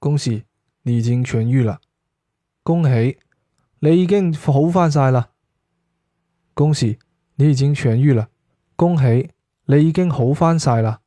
恭喜你已經痊愈啦！恭喜你已經好翻晒啦！恭喜你已經痊愈啦！恭喜你已經好翻晒啦！